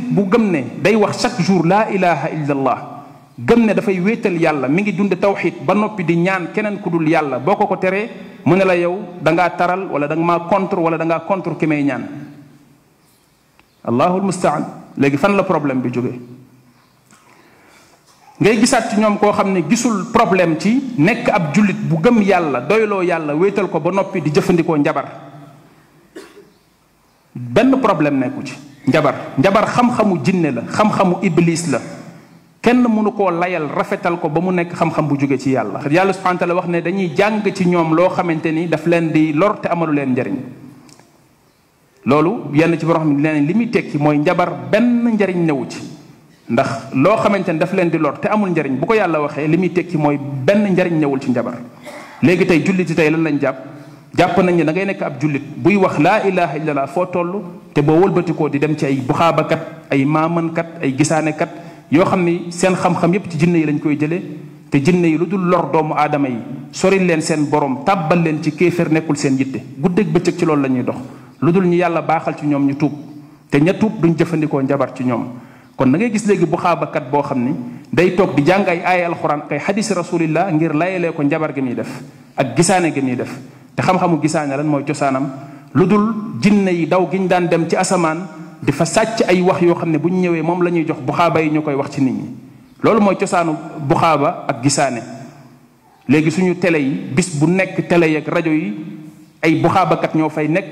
bu gëm ne day wax chaque jour laa ilaha illallah gëm ne dafay wéetal yàlla mi ngi dund tawxid ba noppi di ñaan keneen ku dul yàlla boo ko ko teree mu ne la yow da taral wala danga ma contre wala da ngaa contre ki may ñaan allahul mustaan léegi fan la problème bi jóge ngay gisaat ci ñoom koo xam ne gisul problème ci nekk ab jullit bu gëm yàlla doyloo yàlla wéetal ko ba noppi di jëfandikoo njabar benn problème nekku ci njabar njabar xam-xamu jinne la xam-xamu iblis la kenn munu ko layal rafetal ko ba mu nek xam-xam bu jóge ci yàlla xat yàlla subhanahu wa taala wax ne dañuy jàng ci ñom lo xamanteni daf leen di lor te amalu leen njariñ lolu yenn ci borom leen limi li muy tekki mooy njabar ben njariñ newu ci ndax lo xamanteni daf leen di lor te amul njariñ bu ko yàlla waxe limi muy tekki moy ben njariñ newul ci njabar léegi tay jullit yi tey lan lañ jàpp jàpp nañ ne da ngay nek ab julit buy wax la ilaha illallah fo tollu te boo wëlbatikoo di dem ci ay buxaabakat ay maamankat ay gisaanekat yoo xam ni seen xam-xam yépp ci jinne yi lañ koy jëlee te jinne yi lu dul lor doomu aadama yi sori leen seen borom tàbbal leen ci kéefér nekkul seen yitte guddeeg bëccëg ci loolu la ñuy dox lu dul ñu yàlla baaxal ci ñoom ñu tuub te ña tuub duñ jëfandikoo njabar ci ñoom kon da ngay gis léegi buxaabakat boo xam ni day toog di jàng ay aaya alxuraan kay xadisi rasulillah ngir layelee ko njabar gi muy def ak gisaane gi muy def te xam gisaane lan mooy cosaanam lu dul jinne yi daw gi ñu daan dem ci asamaan di fa sàcc ay wax yoo xam ne bu ñu ñëwee moom la ñuy jox buxaaba yi ñoo koy wax ci nit ñi loolu mooy cosaanu buxaaba ak gisaane léegi suñu télé yi bis bu nekk télé yi rajo yi ay buxaabakat ñoo fay nekk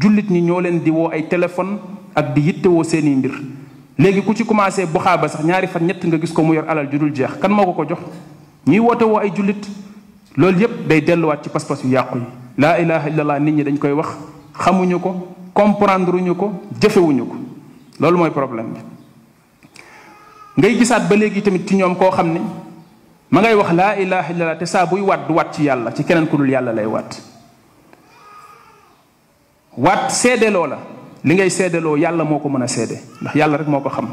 jullit ñi ñoo leen di woo ay téléphone ak di yittewoo seeni mbir léegi ku ci commencé buxaaba sax ñaari fan ñett nga gis ko mu yor alal ju dul jeex kan moo ko ko jox ñuy woote woo ay jullit loolu yépp day delluwaat ci pas-pas yu yàqu yi laa ilaha illallah nit ñi dañ koy wax xamuñu ko comprendre uñu ko jëfewuñu ko loolu mooy problème bi ngay gisaat ba léegi tamit ci ñoom koo xam ne ma ngay wax laa ilaha illallah te saa buy waat du waat ci yàlla ci keneen ku dul yàlla lay waat waat seddaloo la li ngay seedeloo yàlla moo ko mën a seede ndax yàlla rek moo ko xam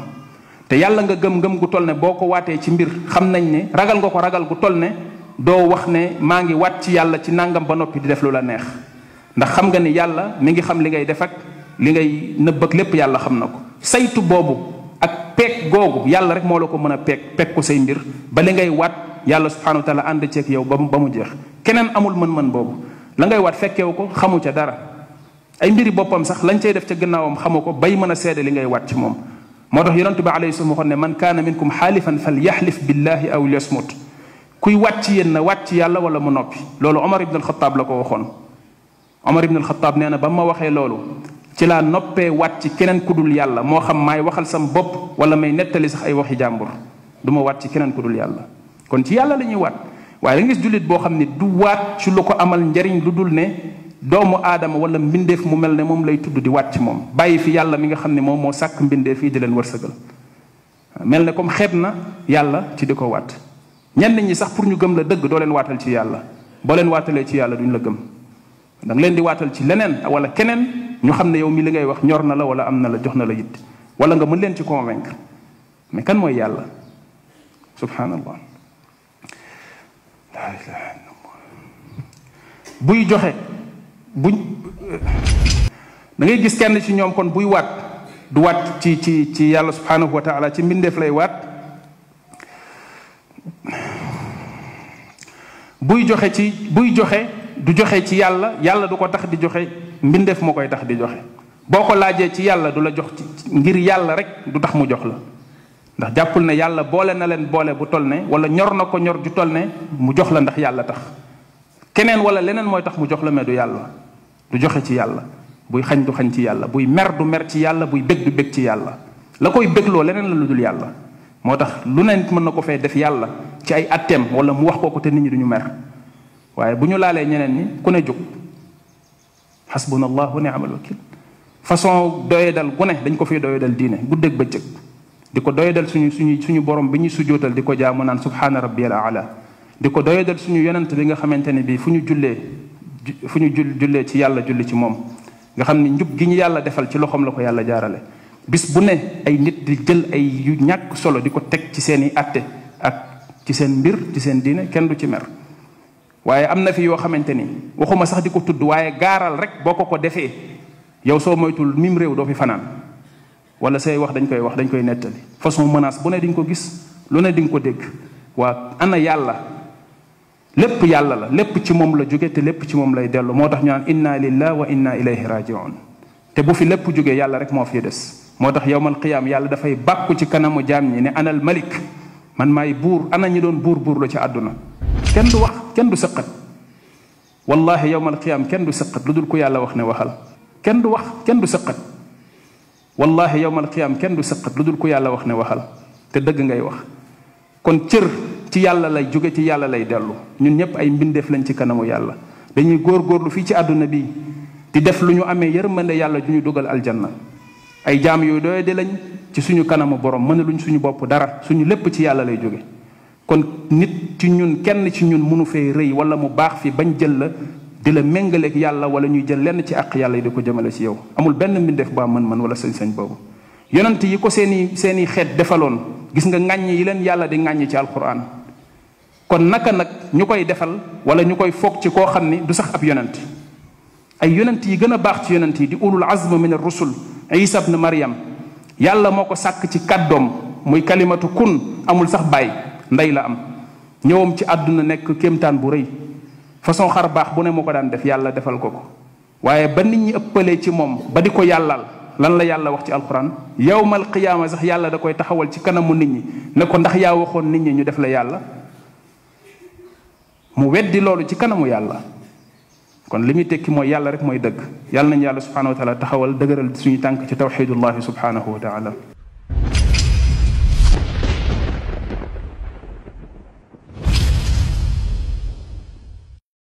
te yàlla nga gëm-gëm gu toll ne boo ko waatee ci mbir xam nañ ne ragal nga ko ragal gu toll ne doo wax ne maa ngi wat ci yàlla ci nangam ba noppi di def lu la neex ndax xam nga ni yàlla mi ngi xam li ngay def ak li ngay nëbb ak lépp yàlla xam na ko saytu boobu ak pek googu yàlla rek moo la ko mën a peek peek ko say mbir ba li ngay wat yàlla subhanahu wa taala ànd ak yow ba ba mu jeex keneen amul mën-mën boobu la ngay wat fekkeewu ko xamu ca dara ay mbiri boppam sax lañ cay def ca gannaawam xamu ko bay mën a seede li ngay wat ci moom moo tax yonentu bi alayhi salaam waxoon ne man kaana minkum xaalifan falyaxlif billahi aw liyasmut kuy wàcc yéen na wàcc yàlla wala mu noppi loolu omar ibn alxataab la ko waxoon omar ibn alxataab nee na ba ma waxee loolu ci laa noppee wàcc keneen ku dul yàlla moo xam maay waxal sam bopp wala may nettali sax ay waxi jàmbur du ma wàcc keneen ku dul yàlla kon ci yàlla la ñuy waat waaye da nga gis jullit boo xam ne du waat ci lu ko amal njariñ lu dul ne doomu aadama wala mbindeef mu mel ne moom lay tudd di wàcc moom bàyyi fi yàlla mi nga xam ne moom moo sàkk mbindeef yi di leen wërsëgal mel ne comme xeeb na yàlla ci di ko waat ñenn ñi sax pour ñu gëm la dëgg doo leen waatal ci yàlla boo leen waatalee ci yàlla duñ la gëm da leen di waatal ci leneen wala keneen ñu xam ne yow mi li ngay wax ñor na la wala am na la jox na la yitt wala nga mën leen ci convaincre mais kan mooy yàlla subhanallah la buy joxe buñ dangay gis kenn ci ñoom kon buy waat du waat ci ci ci yàlla subhanahu wa taala ci mbindeef lay waat buy joxe ci buy joxe du joxe ci yàlla yàlla du ko tax di joxe mbindeef moo koy tax di joxe boo ko laajee ci yàlla du la jox ci ngir yàlla rek du tax mu jox la ndax jàppul ne yàlla boole na leen boole bu toll ne wala ñor na ko ñor ju toll ne mu jox la ndax yàlla tax keneen wala leneen mooy tax mu jox la mais du yàlla du joxe ci yàlla buy xañ du xañ ci yàlla buy mer du mer ci yàlla buy bég du bég ci yàlla la koy bégloo leneen la lu dul yàlla motax lu ne nit mën na ko fee def yàlla ci ay atem wala mu wax ko ko te nit ñi duñu mer waye buñu ñu ñeneen ñi ku ne juk hasbunallahu ni'mal wa wakil façon doye dal gune dañ ko fi doye dal diine guddeeg bëccëg diko doye dal suñu suñu suñu borom biñu sujootal diko jaamu naan subhana rabbiyal ala diko doye dal suñu yonent bi nga xamanteni bi fuñu julle fuñu jullee fu ci yàlla julli ci mom nga xamni ni njub gi ñu yàlla defal ci loxom la ko yàlla jaarale bis bu ne ay nit di jël ay yu ñàkk solo di ko teg ci seen i atte ak ci seen mbir ci seen diine kenn du ci mer waaye am na fi yoo xamante ni waxuma sax di ko tudd waaye gaaral rek boo ko ko defee yow soo moytul mim réew doo fi fanaan wala say wax dañ koy wax dañ koy nettali façon menace bu ne di ko gis lu ne di ko dégg waa ana yàlla lépp yàlla la lépp ci moom la jóge te lépp ci moom lay dellu moo tax ñu naan inna lillahi wa inna ilayhi rajiun te bu fi lépp yàlla rek moo fi des moo tax yowmal qiyaam yàlla dafay bàkku ci kanamu jaam ñi ne anal malik man maay buur ana ñi doon buur buur la ci àdduna kenn du wax kenn du sëqat wallahi yowmal qiyaam kenn du sëqat lu dul ku yàlla wax ne waxal kenn du wax kenn du sëqat wallahi yowmal qiyaam kenn du sëqat lu dul ku yàlla wax ne waxal te dëgg ngay wax kon cër ci yàlla lay jóge ci yàlla lay dellu ñun ñëpp ay mbindeef lañ ci kanamu yàlla dañuy góor góorgóorlu fii ci àdduna bi di def lu ñu amee yërmande yàlla ju ñu dugal aljanna ay jaam yooyu doy di lañ ci suñu kanamu borom mën luñ suñu bopp dara suñu lépp ci yàlla lay jóge kon nit ci ñun kenn ci ñun mënu fee rëy wala mu baax fi bañ jël la di la méngaleeg yàlla wala ñuy jël lenn ci àq yàlla yi di ko jëmale ci yow amul benn mbindeef ba mën-mën wala sëñ sëñ boobu yonent yi ko seeni seeni xeet defaloon gis nga ŋàññ yi leen yàlla di ŋàññ ci alquran kon naka nag ñu koy defal wala ñu koy foog ci koo xam ni du sax ab yonent ay yonent yi gën a baax ci yonent yi di ulul azm min ar rusul isa ibn maryam yàlla moo ko sàkk ci kàddoom muy kalimatu kun amul sax bàyyi ndey la am ñëwam ci àdduna nekk kéemtaan bu rëy façon xar baax bu ne moo ko daan def yàlla defal ko ko waaye ba nit ñi ëppalee ci moom ba di ko yàllal lan la yàlla wax ci alquran yawmal qiyaama sax yàlla da koy taxawal ci kanamu nit ñi ne ko ndax yaa waxoon nit ñi ñu def la yàlla mu weddi loolu ci kanamu yàlla kon limi tekki moy yàlla rek moy deug yàlla nañ yàlla subhanahu wa taala taxawal deugeral suñu tànk ci tawhidullah subhanahu wa taala